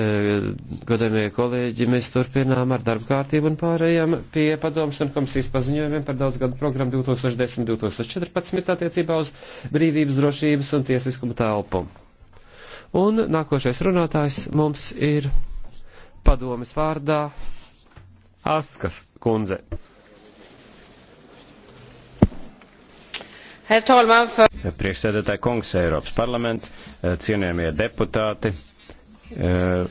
Eh, godamie kolēģi, mēs turpinām ar darba kārtību un pārējām pie padomus un komisijas paziņojumiem par daudzgadu programmu 2010-2014 attiecībā uz brīvības, drošības un tiesiskumu telpu. Un nākošais runātājs mums ir padomis vārdā Askas kundze. Priekšsēdētāji kungs, Eiropas parlaments, eh, cienējamie deputāti. Eh,